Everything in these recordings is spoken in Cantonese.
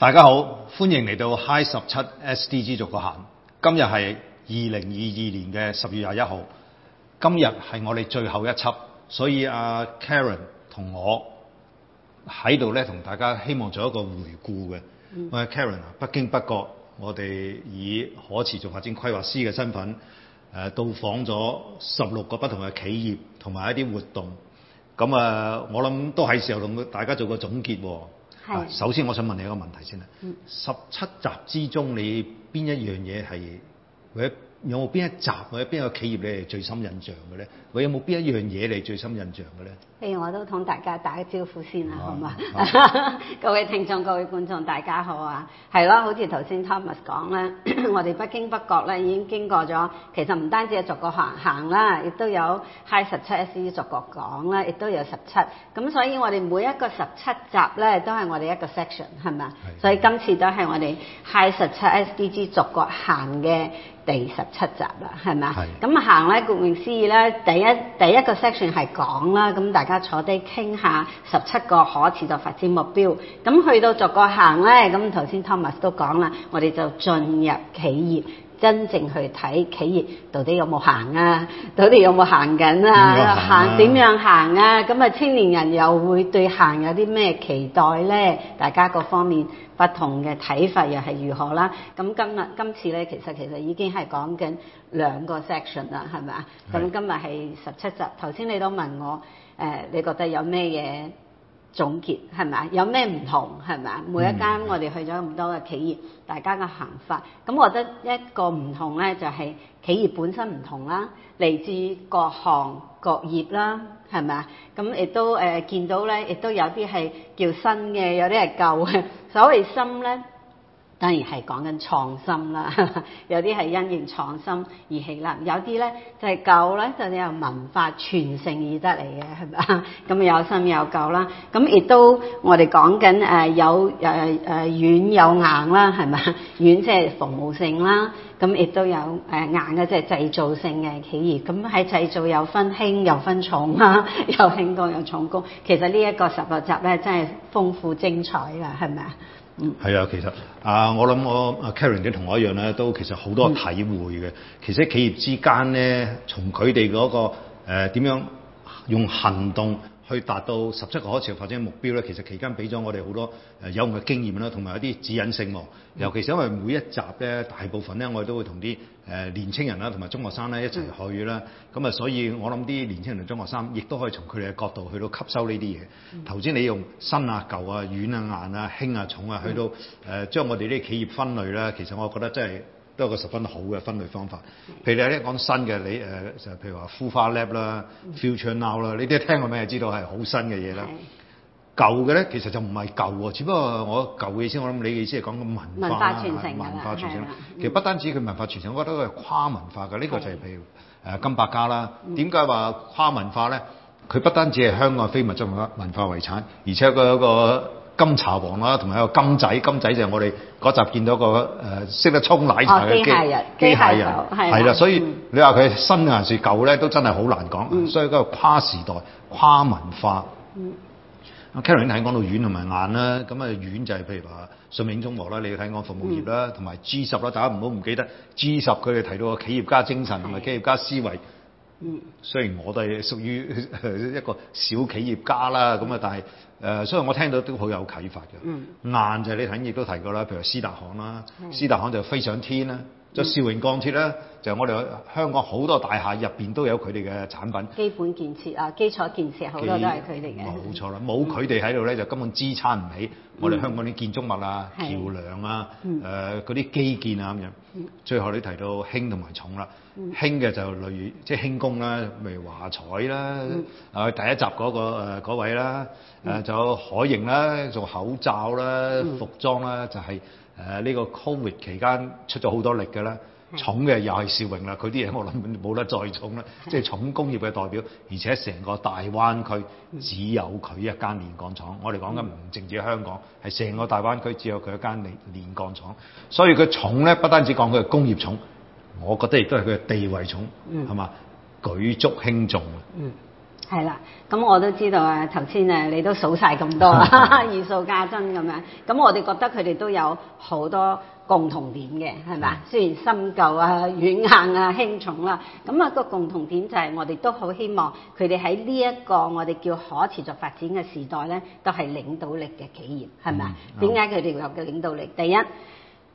大家好，歡迎嚟到 High 十七 SDG 族嘅行。今日係二零二二年嘅十月廿一號，今日係我哋最後一輯，所以阿、啊、Karen 同我喺度咧，同大家希望做一個回顧嘅。喂、嗯啊、，Karen，不經不覺，我哋以可持續發展規劃師嘅身份，誒、呃，到訪咗十六個不同嘅企業同埋一啲活動，咁啊，我諗都係時候同大家做個總結喎、啊。啊，首先我想問你一個問題先啦。嗯。十七集之中，你邊一樣嘢係？有冇邊一集或者邊個企業你係最深印象嘅咧？我有冇邊一樣嘢你係最深印象嘅咧？譬如我都同大家打個招呼先啦，啊，好嘛？啊啊， 各位聽眾，各位觀眾，大家好啊！係咯，啊，好似頭先 Thomas 講啦， 我哋北京北角咧已經經過咗。其實唔單止係逐個行行啦，亦都有 High 十七 S D 逐個講啦，亦都有十七。咁所以我哋每一個十七集咧都係我哋一個 section 係咪？啊，所以今次都係我哋 High 十七 S D G 逐個行嘅。第十七集啦，係咪啊？係。咁行咧，顧名思義咧，第一第一個 section 係講啦，咁大家坐低傾下十七個可持續發展目標。咁去到逐個行咧，咁頭先 Thomas 都講啦，我哋就進入企業。真正去睇企業到底有冇行啊？到底有冇行緊啊？行，點樣行啊？咁啊，青年人又會對行有啲咩期待呢？大家各方面不同嘅睇法又係如何啦？咁今日今次呢，其實其實已經係講緊兩個 section 啦，係咪啊？咁是今日係十七集，頭先你都問我，誒、呃，你覺得有咩嘢？總結係咪啊？有咩唔同係咪啊？每一間我哋去咗咁多嘅企業，大家嘅行法，咁我覺得一個唔同咧，就係企業本身唔同啦，嚟自各行各業啦，係咪啊？咁亦都誒、呃、見到咧，亦都有啲係叫新嘅，有啲係舊嘅，所謂新咧。當然係講緊創新啦，有啲係因應創新而起啦，有啲咧就係舊咧，就啲、係、由文化傳承而得嚟嘅，係嘛？咁有新有舊啦。咁亦都我哋講緊誒有誒誒軟有硬啦，係咪？軟即係服務性啦，咁亦都有誒硬嘅即係製造性嘅企業。咁喺製造有分輕又分重啦，有輕工又重工。其實呢一個十六集咧，真係豐富精彩啦，係咪啊？係啊，其實啊，我諗我啊 Karen 同我一樣咧，都其實好多體會嘅。嗯、其實企業之間咧，從佢哋嗰個誒點、呃、樣用行動。去達到十七個可持續發展嘅目標咧，其實期間俾咗我哋好多誒有用嘅經驗啦，同埋一啲指引性喎。尤其是因為每一集咧，大部分咧我哋都會同啲誒年青人啦，同埋中學生咧一齊去啦。咁啊、嗯，所以我諗啲年青人同中學生亦都可以從佢哋嘅角度去到吸收呢啲嘢。頭先、嗯、你用新啊、舊啊、軟啊、硬啊、輕啊、重啊，去到誒將我哋啲企業分類啦。其實我覺得真係，都有一個十分好嘅分類方法。譬如你啲講新嘅，你誒就譬如話孵化 lab 啦、future now 啦，你哋聽過咩？知道係好新嘅嘢啦。是舊嘅咧，其實就唔係舊喎，只不過我舊嘅意思，我諗你嘅意思係講緊文化啦，文化傳承的。其實不單止佢文化傳承，我覺得佢係跨文化嘅。呢個就係譬如誒金百家啦。點解話跨文化咧？佢不單止係香港非物質文化文化遺產，而且佢有個。金茶王啦，同埋有一個金仔，金仔就係我哋嗰集見到個誒識、呃、得沖奶茶嘅機、哦、機械人，機械人係啦吧，所以你話佢新還是舊咧，都真係好難講。嗯、所以嗰個跨時代、跨文化，啊，Kelly 你頭先講到軟同埋硬啦，咁啊軟就係譬如話順應中和啦，你要睇我服務業啦，同埋、嗯、G 十啦，大家唔好唔記得 G 十佢哋提到企業家精神同埋企業家思維。嗯嗯，雖然我都係屬於一個小企業家啦，咁啊，但係誒、呃，所以我聽到都好有啟發嘅。嗯，硬就你肯亦都提過啦，譬如斯達行啦，嗯、斯達行就飛上天啦，就銷營鋼鐵啦。嗯嗯就我哋香港好多大廈入邊都有佢哋嘅產品，基本建設啊，基礎建設好多都係佢哋嘅。冇錯啦，冇佢哋喺度咧，就根本支撐唔起我哋香港啲建築物啊、橋梁啊、誒嗰啲基建啊咁樣。最後你提到輕同埋重啦，輕嘅就例如即係輕工啦，例如華彩啦，啊第一集嗰個誒嗰位啦，誒就有海盈啦，做口罩啦、服裝啦，就係誒呢個 COVID 期間出咗好多力㗎啦。重嘅又係紹榮啦，佢啲嘢我諗冇得再重啦，即、就、係、是、重工業嘅代表，而且成個大灣區只有佢一間煉鋼廠。我哋講緊唔淨止香港，係成個大灣區只有佢一間煉煉鋼廠，所以佢重咧，不單止講佢係工業重，我覺得亦都係佢嘅地位重，係嘛、嗯？舉足輕重啊！嗯，係啦，咁我都知道啊，頭先誒你都數晒咁多，如 數家珍咁樣，咁我哋覺得佢哋都有好多。共同點嘅係咪？是雖然新舊啊、軟硬啊、輕重啦、啊，咁、那、啊個共同點就係我哋都好希望佢哋喺呢一個我哋叫可持續發展嘅時代咧，都係領導力嘅企業係咪啊？點解佢哋有嘅領導力？嗯、第一，誒、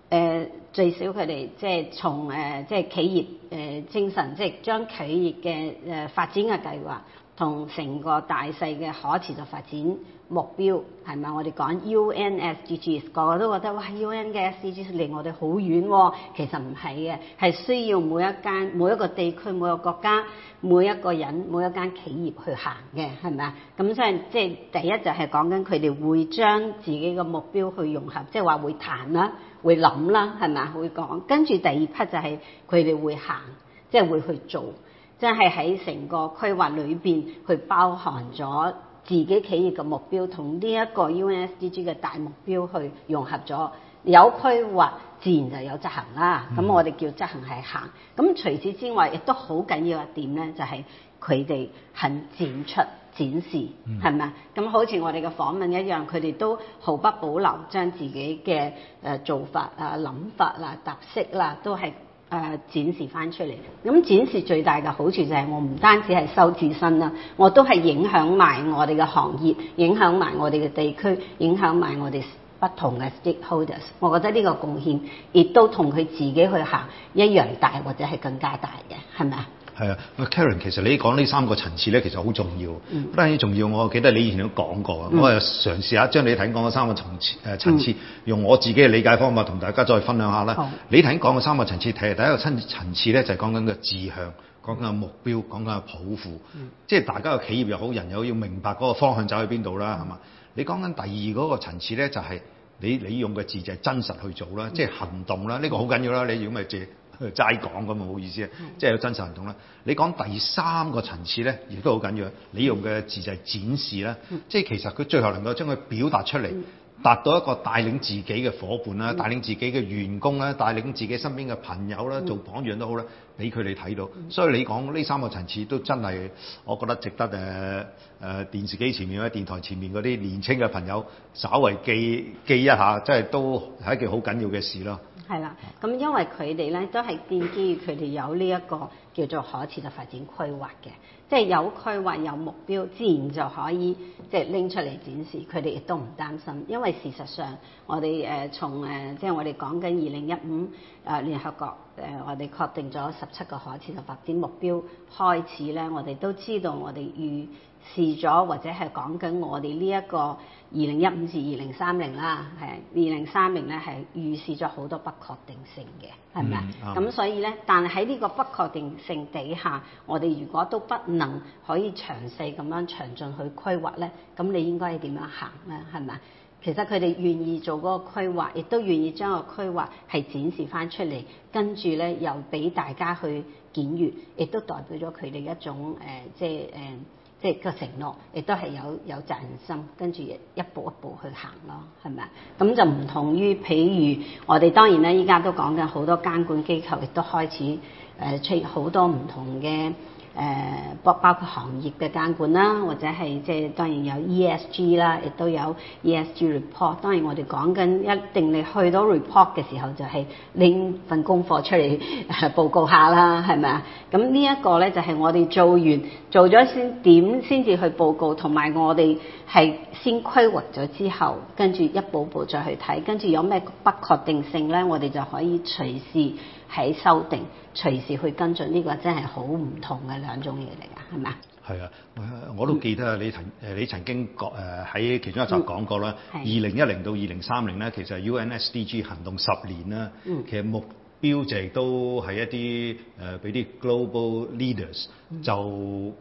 呃、最少佢哋即係從誒即係企業誒、呃、精神，即係將企業嘅誒、呃、發展嘅計劃。同成個大細嘅可持續發展目標係咪？我哋講 U N S D G，個個都覺得哇 U N 嘅 S D G 離我哋好遠喎，其實唔係嘅，係需要每一間，每一個地區，每一個國家，每一個人，每一間企業去行嘅，係咪啊？咁所以即係第一就係講緊佢哋會將自己嘅目標去融合，即係話會談啦，會諗啦，係咪啊？會講，跟住第二 part 就係佢哋會行，即係會去做。真係喺成個規劃裏邊，去包含咗自己企業嘅目標，同呢一個 U S D G 嘅大目標去融合咗。有規劃，自然就有執行啦。咁、嗯、我哋叫執行係行。咁除此之外，亦都好緊要一點咧，就係佢哋肯展出、展示，係咪啊？咁好似我哋嘅訪問一樣，佢哋都毫不保留將自己嘅誒做法啊、諗法啦、特色啦，都係。誒、呃、展示翻出嚟，咁展示最大嘅好處就係、是、我唔單止係收自身啦，我都係影響埋我哋嘅行業，影響埋我哋嘅地區，影響埋我哋不同嘅 stakeholders。我覺得呢個貢獻亦都同佢自己去行一樣大，或者係更加大嘅，係咪啊？係啊，Karen，其實你講呢三個層次咧，其實好重要。不、嗯、但止重要，我記得你以前都講過，嗯、我係嘗試下將你頭先講嘅三個層次誒層、呃、次，用我自己嘅理解方法同大家再分享下啦。嗯、你頭先講嘅三個層次，睇嚟第一個層層次咧就係講緊個志向，講緊、嗯、目標，講緊個抱負，嗯、即係大家個企業又好，人又好，要明白嗰個方向走去邊度啦，係嘛？你講緊第二嗰個層次咧，就係你你用嘅字就係真實去做啦，即係行動啦，呢這個好緊要啦。你如果咪。借齋講咁啊，唔好意思啊，即係有真實行動啦。你講第三個層次呢，亦都好緊要。你用嘅字就係展示啦，嗯、即係其實佢最後能夠將佢表達出嚟，達到一個帶領自己嘅伙伴啦，帶、嗯、領自己嘅員工啦，帶領自己身邊嘅朋友啦，嗯、做榜樣都好啦，俾佢哋睇到。嗯、所以你講呢三個層次都真係，我覺得值得誒誒、呃、電視機前面或者電台前面嗰啲年青嘅朋友稍為記記一下，即係都係一件好緊要嘅事啦。係啦，咁因為佢哋咧都係建基於佢哋有呢、這、一個叫做可持續發展規劃嘅，即係有規劃有目標，自然就可以即係拎出嚟展示。佢哋亦都唔擔心，因為事實上我哋誒從誒、呃、即係我哋講緊二零一五誒聯合國誒、呃、我哋確定咗十七個可持續發展目標開始咧，我哋都知道我哋預示咗或者係講緊我哋呢一個。二零一五至二零三零啦，係二零三零咧係預示咗好多不確定性嘅，係咪啊？咁、mm, right. 嗯、所以咧，但係喺呢個不確定性底下，我哋如果都不能可以詳細咁樣詳盡去規劃咧，咁你應該係點樣行咧？係咪？其實佢哋願意做嗰個規劃，亦都願意將個規劃係展示翻出嚟，跟住咧又俾大家去檢閱，亦都代表咗佢哋一種誒、呃，即係誒。呃即係、個承諾亦都係有有責任心，跟住一,一步一步去行咯，係咪啊？咁就唔同於，譬如我哋當然啦，依家都講緊好多監管機構亦都開始誒、呃、出現好多唔同嘅。誒、呃、包括行業嘅監管啦，或者係即係當然有 ESG 啦，亦都有 ESG report。當然我哋講緊一定你去到 report 嘅時候，就係拎份功課出嚟、呃、報告下啦，係咪啊？咁呢一個呢，就係、是、我哋做完做咗先點先至去報告，同埋我哋係先規劃咗之後，跟住一步步再去睇，跟住有咩不確定性呢，我哋就可以隨時。喺修訂，隨時去跟進，呢、這個真係好唔同嘅兩種嘢嚟㗎，係咪啊？係啊，我都記得啊、嗯呃，你曾誒你曾經講誒喺其中一集講過啦，二零一零到二零三零咧，其實 UNSDG 行動十年啦，嗯、其實目標就係都係一啲誒俾啲 global leaders、嗯、就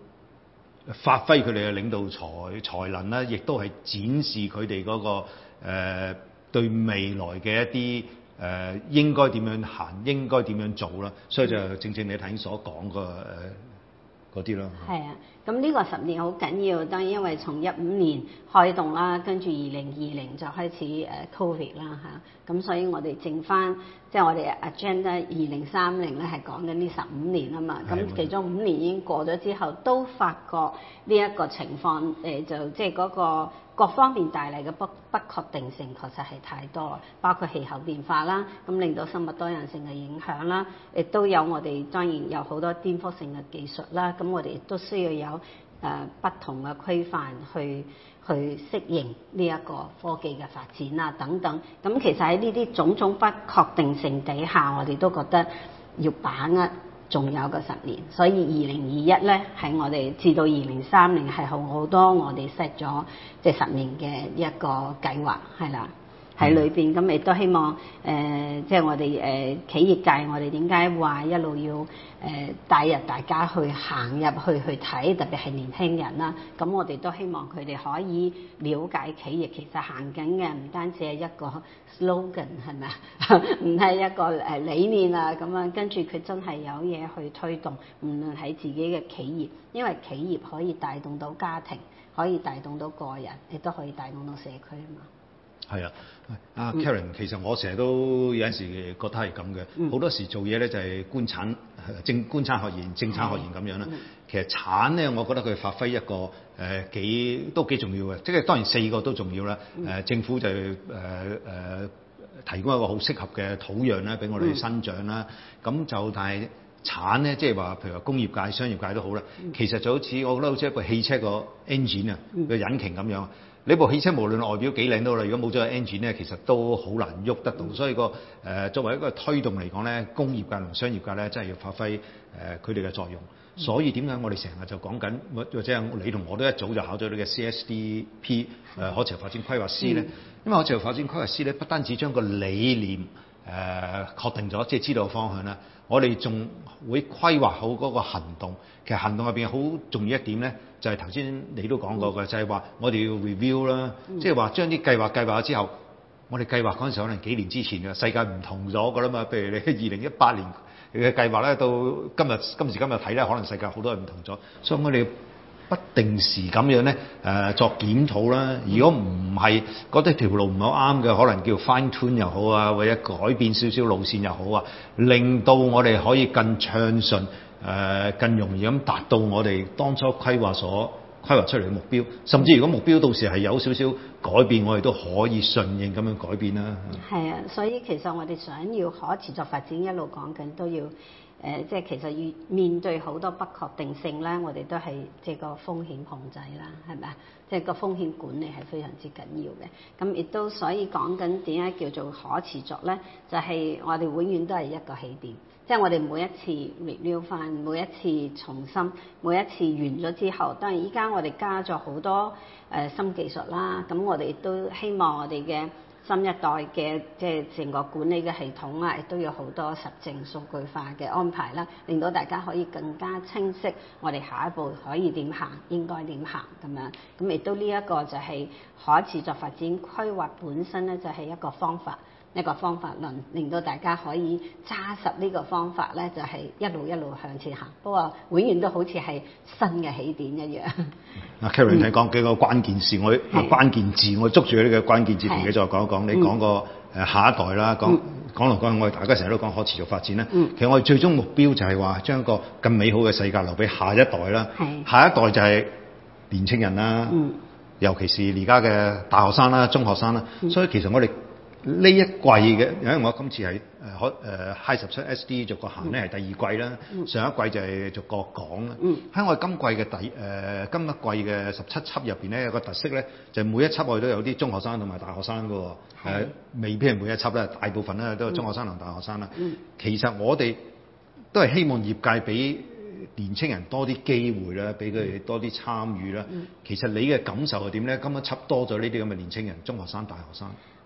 發揮佢哋嘅領導才才能啦，亦都係展示佢哋嗰個誒、呃、對未來嘅一啲。誒、呃，應該點樣行，應該點樣做啦，所以就正正你頭先所講個誒嗰啲咯。係、呃、啊。咁呢個十年好緊要，當然因為從一五年開動啦，跟住二零二零就開始誒 covid 啦嚇，咁、啊、所以我哋剩翻即係我哋 agenda 二零三零咧係講緊呢十五年啊嘛，咁的其中五年已經過咗之後，都發覺呢一個情況誒、呃、就即係嗰個各方面帶嚟嘅不不確定性確實係太多，包括氣候變化啦，咁令到生物多樣性嘅影響啦，亦都有我哋當然有好多顛覆性嘅技術啦，咁我哋亦都需要有。誒、呃、不同嘅規範去去適應呢一個科技嘅發展啊等等，咁、嗯、其實喺呢啲種種不確定性底下，我哋都覺得要把握仲有個十年，所以二零二一咧喺我哋至到二零三零係好好多，我哋 set 咗即係十年嘅一個計劃，係啦。喺裏邊咁亦都希望誒，即、呃、係、就是、我哋誒、呃、企業界，我哋點解話一路要誒、呃、帶入大家去行入去去睇，特別係年輕人啦。咁我哋都希望佢哋可以了解企業其實行緊嘅唔單止係一個 slogan 係咪？唔 係一個誒理念啊咁樣，跟住佢真係有嘢去推動。無論喺自己嘅企業，因為企業可以帶動到家庭，可以帶動到個人，亦都可以帶動到社區啊嘛。係啊，阿 Karen，其實我成日都有陣時覺得係咁嘅，好、嗯、多時做嘢咧就係官產政官產學研政產學研咁樣啦。嗯、其實產咧，我覺得佢發揮一個誒、呃、幾都幾重要嘅，即係當然四個都重要啦。誒、呃、政府就誒誒、呃呃、提供一個好適合嘅土壤咧，俾我哋生長啦。咁、嗯、就但係。產咧，即係話，譬如話工業界、商業界都好啦。嗯、其實就好似我覺得好似一個汽車個 engine 啊、嗯，個引擎咁樣。你部汽車無論外表幾靚都好啦，如果冇咗個 engine 咧，其實都好難喐得到。嗯、所以個誒、呃、作為一個推動嚟講咧，工業界同商業界咧，真係要發揮誒佢哋嘅作用。所以點解我哋成日就講緊，或者係你同我都一早就考咗呢個 CSDP 誒、呃、可持續發展規劃師咧，嗯、因為可持續發展規劃師咧，不單止將個理念。誒、呃、確定咗，即係知道方向啦。我哋仲會規劃好嗰個行動。其實行動入邊好重要一點咧，就係頭先你都講過嘅，嗯、就係話我哋要 review 啦，嗯、即係話將啲計劃計劃咗之後，我哋計劃嗰陣時可能幾年之前嘅世界唔同咗㗎啦嘛。譬如你二零一八年嘅計劃咧，到今日今時今日睇咧，可能世界好多人唔同咗，所以我哋。不定時咁樣咧，誒、呃、作檢討啦。如果唔係覺得條路唔好啱嘅，可能叫 fine tune 又好啊，或者改變少少路線又好啊，令到我哋可以更暢順，誒、呃、更容易咁達到我哋當初規劃所規劃出嚟嘅目標。甚至如果目標到時係有少少改變，我哋都可以順應咁樣改變啦。係啊，所以其實我哋想要可持續發展，一路講緊都要。誒，即係其實遇面對好多不確定性啦，我哋都係即係個風險控制啦，係咪啊？即係個風險管理係非常之緊要嘅。咁亦都所以講緊點解叫做可持續咧，就係我哋永遠都係一個起點。即係我哋每一次 review 翻，每一次重新，每一次完咗之後，當然依家我哋加咗好多誒新技術啦。咁我哋亦都希望我哋嘅。新一代嘅即係整個管理嘅系統啊，亦都有好多實證數據化嘅安排啦，令到大家可以更加清晰，我哋下一步可以點行，應該點行咁樣。咁亦都呢一個就係、是、可持續發展規劃本身咧，就係一個方法。一個方法論令到大家可以揸實呢個方法咧，就係一路一路向前行。不過永遠都好似係新嘅起點一樣。阿 Karen，你講幾個關鍵字，我關鍵字，我捉住呢個關鍵字，自己再講一講。你講個誒下一代啦，講講嚟講去，我哋大家成日都講可持續發展啦。其實我哋最終目標就係話將一個更美好嘅世界留俾下一代啦。下一代就係年青人啦，尤其是而家嘅大學生啦、中學生啦。所以其實我哋。呢一季嘅，因為我今次係誒可誒 High 十七 SD 逐個行咧係、嗯、第二季啦，上一季就係逐個講啦。喺、嗯、我今季嘅第誒、呃、今一季嘅十七輯入邊咧，有個特色咧就係每一輯我哋都有啲中學生同埋大學生噶喎的、啊，未必係每一輯咧，大部分咧都係中學生同大學生啦。嗯、其實我哋都係希望業界俾年青人多啲機會啦，俾佢哋多啲參與啦。嗯嗯、其實你嘅感受係點咧？今一輯多咗呢啲咁嘅年青人中、中學生、大學生。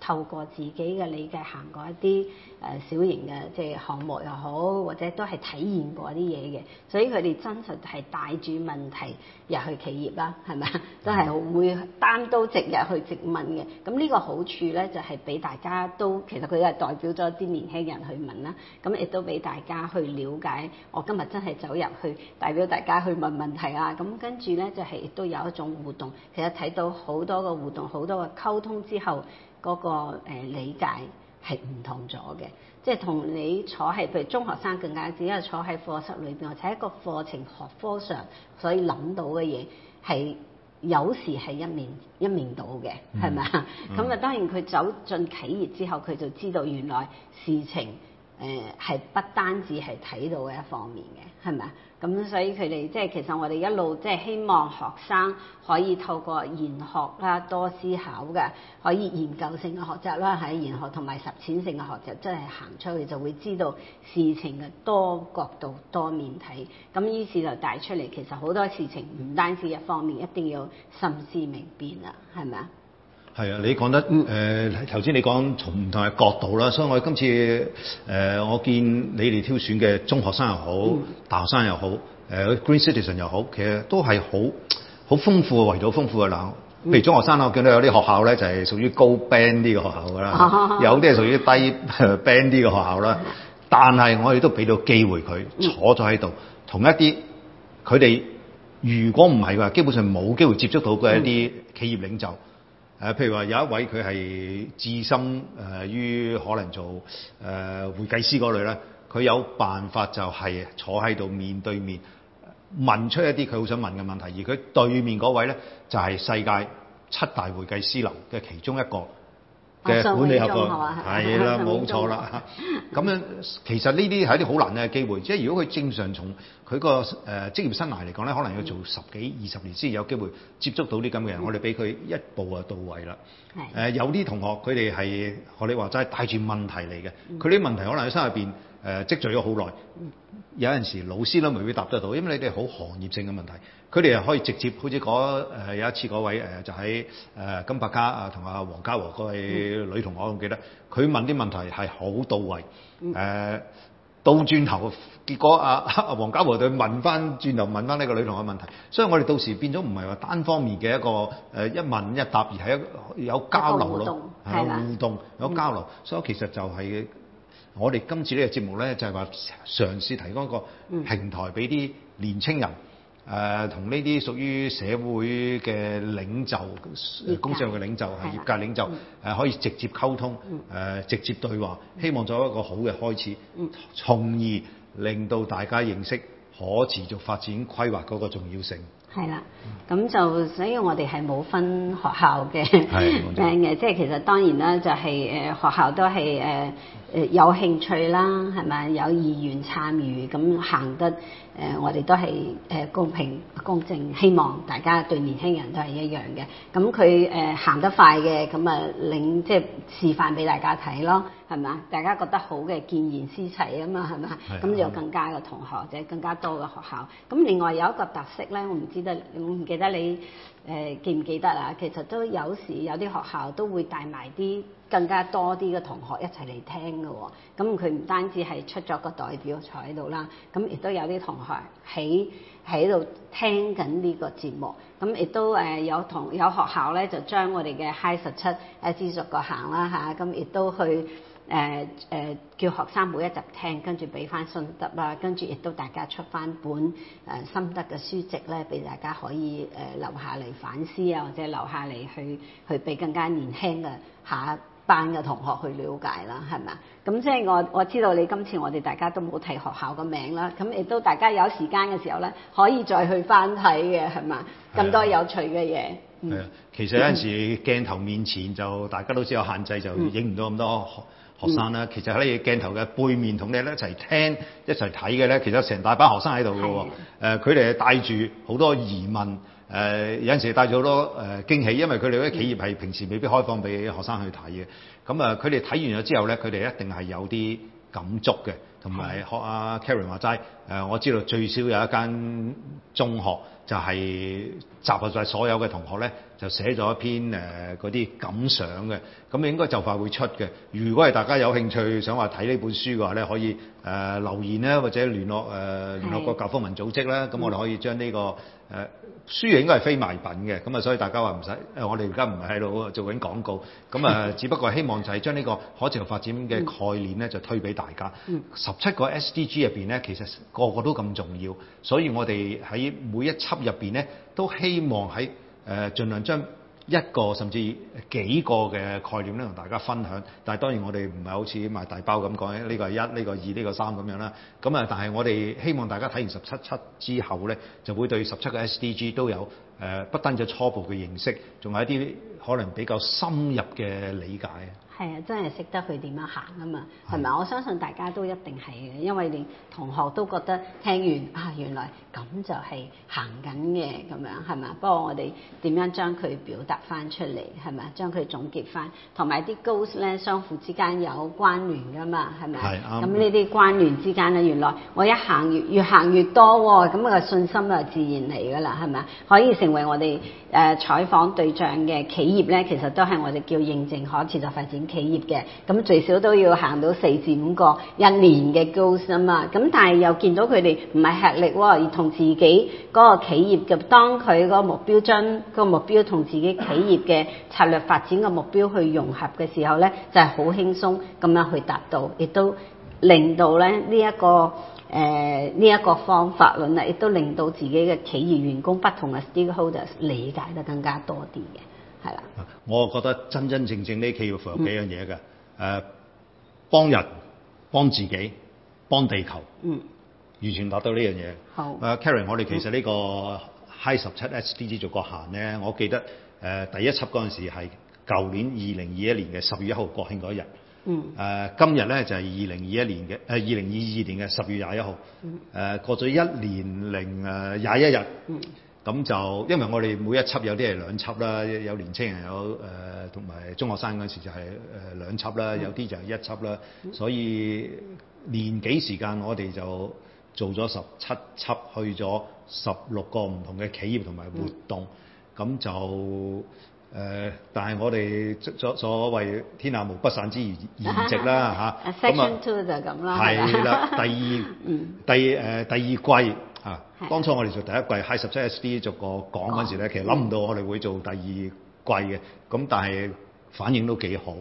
透過自己嘅理解行過一啲誒、呃、小型嘅即係項目又好，或者都係體驗過啲嘢嘅，所以佢哋真實係帶住問題入去企業啦，係咪啊？都係會單刀直入去直問嘅。咁呢個好處咧，就係、是、俾大家都其實佢都係代表咗啲年輕人去問啦。咁亦都俾大家去了解，我今日真係走入去代表大家去問問題啊。咁跟住咧就係亦都有一種互動，其實睇到好多個互動，好多個溝通之後。嗰個理解係唔同咗嘅，即係同你坐喺譬如中學生更加，只係坐喺課室裏邊或者一個課程學科上所，所以諗到嘅嘢係有時係一面一面倒嘅，係咪啊？咁啊、嗯，嗯、當然佢走進企業之後，佢就知道原來事情。誒係、呃、不單止係睇到嘅一方面嘅，係咪啊？咁所以佢哋即係其實我哋一路即係希望學生可以透過研學啦、多思考嘅，可以研究性嘅學習啦，喺研學同埋實踐性嘅學習，真係行出去就會知道事情嘅多角度、多面睇。咁於是就帶出嚟，其實好多事情唔單止一方面，一定要深思明辨啊，係咪啊？係啊，你講得，誒，頭先你講從唔同嘅角度啦，所以我今次誒、呃、我見你哋挑選嘅中學生又好，嗯、大學生又好，誒、呃、Green Citizen 又好，其實都係好好豐富嘅，維度豐富嘅啦。譬、嗯、如中學生我見到有啲學校咧就係屬於高 band 啲嘅學校㗎啦， 有啲係屬於低 band 啲嘅學校啦。但係我哋都俾到機會佢坐咗喺度，嗯、同一啲佢哋如果唔係嘅話基本上冇機會接觸到嘅一啲企業領袖。誒、啊、譬如話有一位佢係置身誒於可能做誒、呃、會計師類咧，佢有辦法就係坐喺度面對面問出一啲佢好想問嘅問題，而佢對面位咧就係、是、世界七大會計師樓嘅其中一個。嘅管理合作，係啦，冇錯啦。咁 樣其實呢啲係一啲好難嘅機會，即係如果佢正常從佢個誒職業生涯嚟講咧，可能要做十幾二十年先有機會接觸到啲咁嘅人。嗯、我哋俾佢一步就到位啦。誒、嗯呃，有啲同學佢哋係學你話齋帶住問題嚟嘅，佢啲、嗯、問題可能喺心入邊。誒積聚咗好耐，呃嗯、有陣時老師都未必答得到，因為你哋好行業性嘅問題，佢哋又可以直接好似嗰、呃、有一次嗰位誒、呃、就喺誒、呃、金伯卡啊同阿黃家和嗰位女同學，嗯、我記得佢問啲問題係好到位，誒倒轉頭，結果阿阿黃家和就問翻轉頭問翻呢個女同學問題，所以我哋到時變咗唔係話單方面嘅一個誒、呃、一問一答，而係一個有交流咯，有互動有交流、嗯，所以其實就係。我哋今次呢個節目呢，就係話嘗試提供一個平台俾啲年青人，誒同呢啲屬於社會嘅領袖、工商嘅領袖、係業界領袖，誒可以直接溝通，誒直接對話，希望做一個好嘅開始，從而令到大家認識可持續發展規劃嗰個重要性。係啦，咁就所以我哋係冇分學校嘅係嘅，即係其實當然啦，就係誒學校都係誒。誒有興趣啦，係咪有意願參與？咁行得？誒、呃，我哋都係誒、呃、公平公正，希望大家對年輕人都係一樣嘅。咁佢誒行得快嘅，咁啊領即係、就是、示範俾大家睇咯，係咪啊？大家覺得好嘅，見賢思齊啊嘛，係咪？咁有、啊、更加嘅同學或者更加多嘅學校。咁另外有一個特色咧，我唔知得，我唔記得你誒、呃、記唔記得啊？其實都有時有啲學校都會帶埋啲更加多啲嘅同學一齊嚟聽嘅喎、哦。咁佢唔單止係出咗個代表坐喺度啦，咁亦都有啲同學。喺喺度聽緊呢個節目，咁亦都誒有同有學校咧，就將我哋嘅 High 十七誒資助個行啦嚇，咁、啊、亦都去誒誒、啊、叫學生每一集聽，跟住俾翻心得。得、啊、啦，跟住亦都大家出翻本誒、啊、心得嘅書籍咧，俾大家可以誒留下嚟反思啊，或者留下嚟去去俾更加年輕嘅下。啊班嘅同學去了解啦，係咪啊？咁即係我我知道你今次我哋大家都冇提學校嘅名啦，咁亦都大家有時間嘅時候咧，可以再去翻睇嘅係嘛？咁、啊、多有趣嘅嘢。係啊，其實有陣時鏡頭面前就大家都知有限制就，就影唔到咁多學生啦。其實喺你鏡頭嘅背面同你一齊聽、一齊睇嘅咧，其實成大班學生喺度嘅喎。誒，佢哋係帶住好多疑問。誒、呃、有陣時帶咗好多誒、呃、驚喜，因為佢哋嗰啲企業係平時未必開放俾學生去睇嘅。咁啊、嗯，佢哋睇完咗之後咧，佢哋一定係有啲感觸嘅，同埋學阿 Karen 話齋誒，我知道最少有一間中學就係集合晒所有嘅同學咧，就寫咗一篇誒嗰啲感想嘅。咁應該就快會出嘅。如果係大家有興趣想話睇呢本書嘅話咧，可以誒、呃、留言啦、啊，或者聯絡誒、呃、聯絡個教科文、文組織啦。咁我哋可以將呢個，嗯嗯誒、呃、書應該係非賣品嘅，咁啊，所以大家話唔使誒，我哋而家唔係喺度做緊廣告，咁啊、呃， 只不過希望就係將呢個可持續發展嘅概念咧，就推俾大家。嗯、十七個 SDG 入邊咧，其實個個都咁重要，所以我哋喺每一輯入邊咧，都希望喺誒、呃、盡量將一個甚至幾個嘅概念咧，同大家分享。但係當然我哋唔係好似賣大包咁講，呢個係一，呢個二，呢個三咁樣啦。咁啊，但係我哋希望大家睇完十七七之後呢，就會對十七個 SDG 都有誒、呃，不單止初步嘅認識，仲有一啲可能比較深入嘅理解。係啊，真係識得佢點樣行啊嘛，係咪？是的 我相信大家都一定係嘅，因為連同學都覺得聽完啊，原來咁就係行緊嘅咁樣，係咪啊？不過我哋點樣將佢表達翻出嚟，係咪啊？將佢總結翻，同埋啲 goals 咧，相互之間有關聯噶嘛，係咪啊？咁是的 呢啲關聯之間咧，原來我一行越越行越多喎、哦，咁個信心啊自然嚟噶啦，係咪啊？可以成為我哋誒、呃、採訪對象嘅企業咧，其實都係我哋叫認證可持續發展。企業嘅，咁最少都要行到四至五個一年嘅 goal 啊嘛，咁但係又見到佢哋唔係吃力喎，而同自己嗰個企業嘅，當佢嗰個目標將個目標同自己企業嘅策略發展嘅目標去融合嘅時候呢，就係好輕鬆咁樣去達到，亦都令到咧呢一個誒呢一個方法論啊，亦都令到自己嘅企業員工不同嘅 stakeholders 理解得更加多啲嘅。我覺得真真正正呢企業要符合幾樣嘢㗎，誒、嗯呃、幫人、幫自己、幫地球，嗯、完全達到呢樣嘢。好，誒，Carry，、呃、我哋其實呢個 High 十七 SDG 做國限咧，我記得誒、呃、第一輯嗰陣時係舊年二零二一年嘅十月一號國慶嗰一日。嗯。誒、呃，今日咧就係二零二一年嘅誒二零二二年嘅十月廿一號。嗯。誒、呃，過咗一年零誒廿一日。嗯。咁就因為我哋每一輯有啲係兩輯啦，有年青人有誒，同、呃、埋中學生嗰陣時就係、是、誒、呃、兩輯啦，有啲就係一輯啦。所以年幾時間我哋就做咗十七輯，去咗十六個唔同嘅企業同埋活動。咁、嗯、就誒、呃，但係我哋所所謂天下無不散之筵席啦，嚇、 啊。Section two 就係咁啦。係啦的， 第二，第、呃、誒第二季。啊！當初我哋做第一季 High 十七 SD 做個講嗰陣時咧，其實諗唔到我哋會做第二季嘅，咁但係反應都幾好，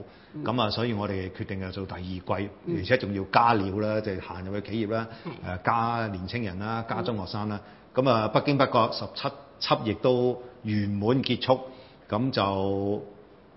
咁啊，所以我哋決定啊做第二季，而且仲要加料啦，即係行入去企業啦，誒加年輕人啦，加中學生啦，咁啊，不經不覺十七七亦都圓滿結束，咁就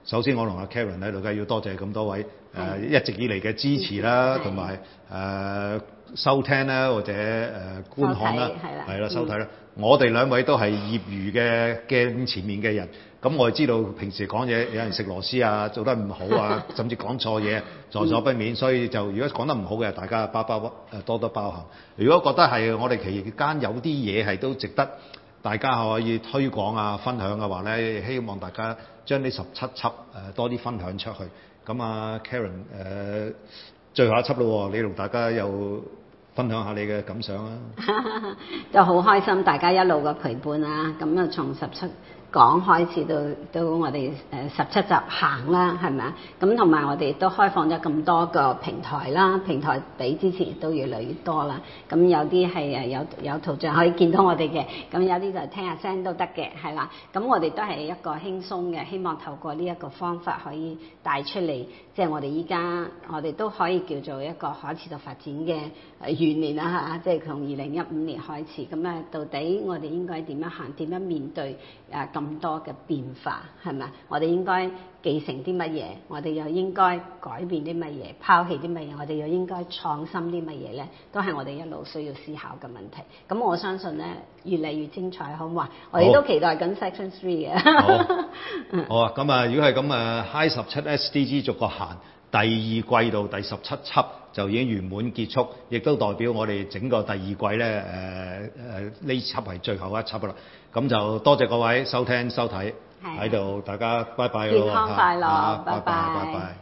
首先我同阿 Karen 喺度梗要多謝咁多位誒一直以嚟嘅支持啦，同埋誒。收聽啦，或者誒觀看啦，係啦，收睇看啦。嗯、我哋兩位都係業餘嘅鏡前面嘅人，咁我哋知道平時講嘢，有人食螺絲啊，做得唔好啊， 甚至講錯嘢，在所不免。嗯、所以就如果講得唔好嘅，大家包包誒多多包涵。如果覺得係我哋期間有啲嘢係都值得大家可以推廣啊、分享嘅話咧，希望大家將呢十七輯誒多啲分享出去。咁啊，Karen 誒、呃。最後一輯咯，你同大家又分享下你嘅感想啊！ 就好開心，大家一路嘅陪伴啊，咁啊，重拾出。講開始到到我哋誒十七集行啦，係咪啊？咁同埋我哋都開放咗咁多個平台啦，平台比之前都越嚟越多啦。咁有啲係誒有有圖像可以見到我哋嘅，咁有啲就聽下聲都得嘅，係啦。咁我哋都係一個輕鬆嘅，希望透過呢一個方法可以帶出嚟，即係我哋依家我哋都可以叫做一個可持續發展嘅誒、呃、元年啦嚇，即係從二零一五年開始。咁啊，到底我哋應該點樣行？點樣面對啊？呃咁多嘅變化係咪？我哋應該繼承啲乜嘢？我哋又應該改變啲乜嘢？拋棄啲乜嘢？我哋又應該創新啲乜嘢咧？都係我哋一路需要思考嘅問題。咁我相信咧，越嚟越精彩，好唔好啊？我哋都期待緊 Section Three 嘅。好啊，咁啊，如果係咁啊，High 十七 SDG 逐個行，第二季度第十七輯。就已經圓滿結束，亦都代表我哋整個第二季咧，誒誒呢輯係、呃呃、最後一輯啦。咁就多謝各位收聽收睇喺度。的大家拜拜咯，健康快樂下拜拜。拜拜拜拜。